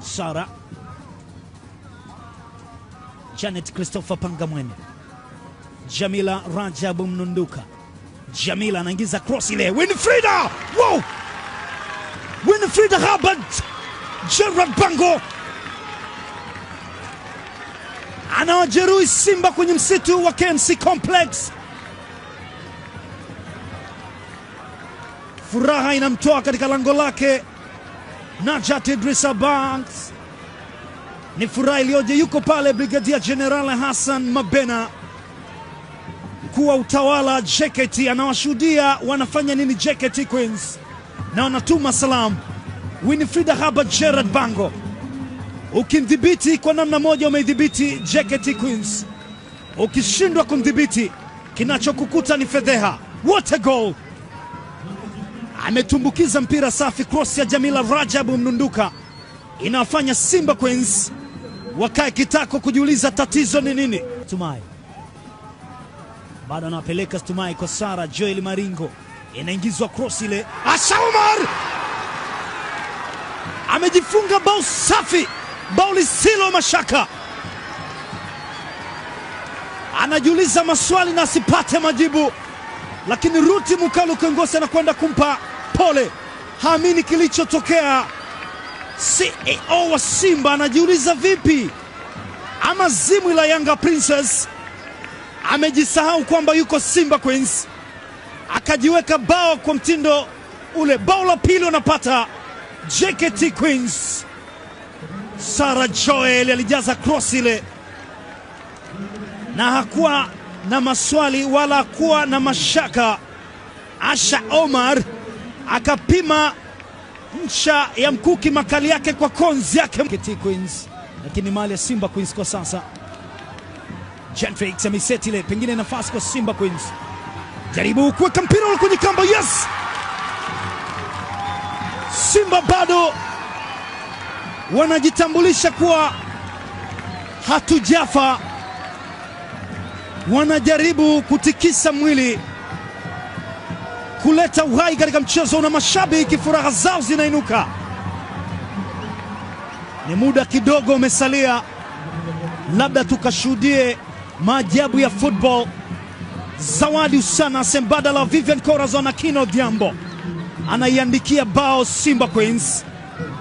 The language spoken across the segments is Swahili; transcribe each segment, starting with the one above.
Sara Janet Christopher Pangamwene, Jamila Rajabu Mnunduka. Jamila anaingiza cross ile, Winfrida wow! Winfrida Hubbard, Gerard Bango anawajeruhi Simba kwenye msitu wa KMC Complex. Furaha inamtoa katika lango lake naja Idrisa Banks. Ni furaha iliyoje, yuko pale Brigadia General Hassan Mabena, mkuu wa utawala JKT, anawashuhudia wanafanya nini JKT Queens, na wanatuma salamu. Winifrida Haba Gerard Bango, ukimdhibiti kwa namna moja umeidhibiti JKT Queens, ukishindwa kumdhibiti kinachokukuta ni fedheha. What a goal! ametumbukiza mpira safi, cross ya Jamila Rajabu Mnunduka inafanya Simba Queens wakae kitako kujiuliza tatizo ni nini. Tumai bado anapeleka Tumai kwa Sara Joel Maringo, inaingizwa cross ile, Asha Omar amejifunga bao safi, bao lisilo mashaka. Anajiuliza maswali na asipate majibu, lakini Ruti Mukalu Kengosi anakwenda kumpa pole, haamini kilichotokea. CEO wa Simba anajiuliza vipi, ama zimu la Yanga Princess amejisahau kwamba yuko Simba Queens, akajiweka bao kwa mtindo ule. Bao la pili wanapata JKT Queens. Sara Joel alijaza cross ile, na hakuwa na maswali wala hakuwa na mashaka. Asha Omar akapima ncha ya mkuki makali yake kwa konzi yake Queens, lakini mali ya Simba Queens kwa sasa. Gentrix ameseti ile pengine nafasi kwa Simba Queens, jaribu kuweka mpira ule kwenye kamba. Yes, Simba bado wanajitambulisha kuwa hatujafa, wanajaribu kutikisa mwili kuleta uhai katika mchezo na mashabiki furaha zao zinainuka. Ni muda kidogo umesalia, labda tukashuhudie maajabu ya football. Zawadi sembada la Vivian Corazon Kino Diambo anaiandikia bao Simba Queens.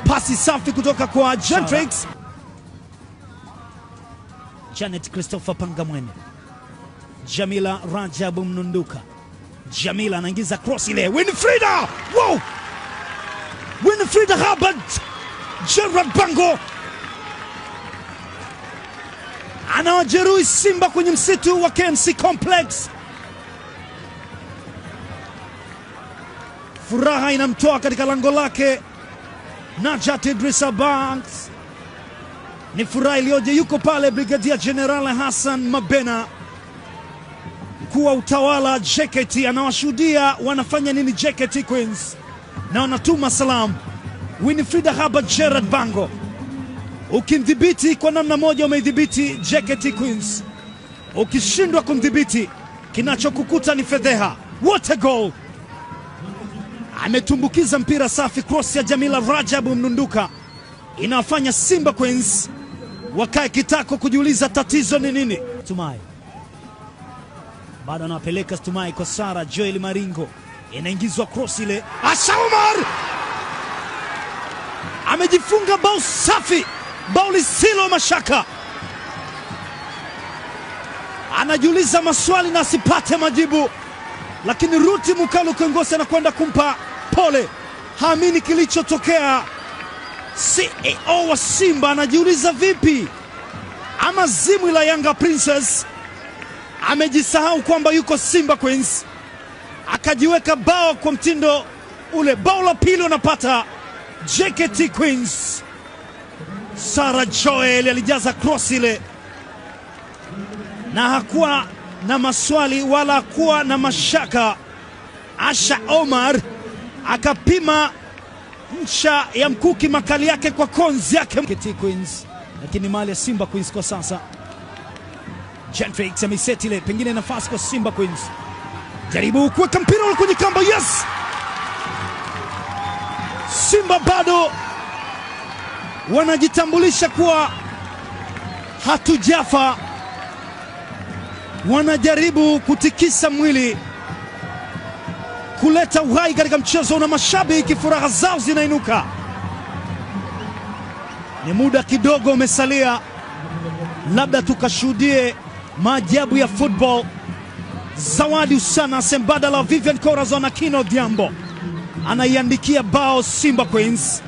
Pasi safi kutoka kwa Gentrix Janet Christopher Pangamwene, Jamila Rajabu Mnunduka Jamila anaingiza cross ile, Winfrida wow! Winfrida Herbert, Gerard Bango anawajeruhi Simba kwenye msitu wa KMC Complex. Furaha inamtoa katika lango lake Najat Idrisa Banks, ni furaha iliyoje! Yuko pale Brigadia General Hassan Mabena mkuu wa utawala JKT anawashuhudia wanafanya nini JKT Queens, na wanatuma salamu. Winifrida Haba, Gerard Bango, ukimdhibiti kwa namna moja umeidhibiti JKT Queens, ukishindwa kumdhibiti kinachokukuta ni fedheha. What a goal! Ametumbukiza mpira safi, cross ya Jamila Rajabu Mnunduka inawafanya Simba Queens wakae kitako kujiuliza tatizo ni nini. Tumai bado anawapeleka Stumai kwa Sara Joel Maringo, inaingizwa cross ile, Asha Omar amejifunga bao safi, bao lisilo mashaka. Anajiuliza maswali na asipate majibu, lakini Ruti Mukalu Kengosi anakwenda kumpa pole, haamini kilichotokea. CEO wa Simba anajiuliza vipi, ama zimwi la Yanga Princess amejisahau kwamba yuko Simba Queens, akajiweka bao kwa mtindo ule. Bao la pili wanapata JKT Queens. Sara Joel alijaza cross ile, na hakuwa na maswali wala hakuwa na mashaka. Asha Omar akapima ncha ya mkuki makali yake kwa konzi yake JKT Queens, lakini mali ya Simba Queens kwa sasa Jenfix ameseti ile pengine nafasi kwa Simba Queens, jaribu kuweka mpira ule kwenye kamba. Yes, Simba bado wanajitambulisha kuwa hatujafa, wanajaribu kutikisa mwili kuleta uhai katika mchezo na mashabiki furaha zao zinainuka. Ni muda kidogo umesalia, labda tukashuhudie Maajabu ya football. Zawadi Usana sembadala Vivian Corazon Akino Diambo anaiandikia bao Simba Queens.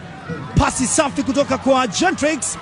Pasi safi kutoka kwa Gentrix.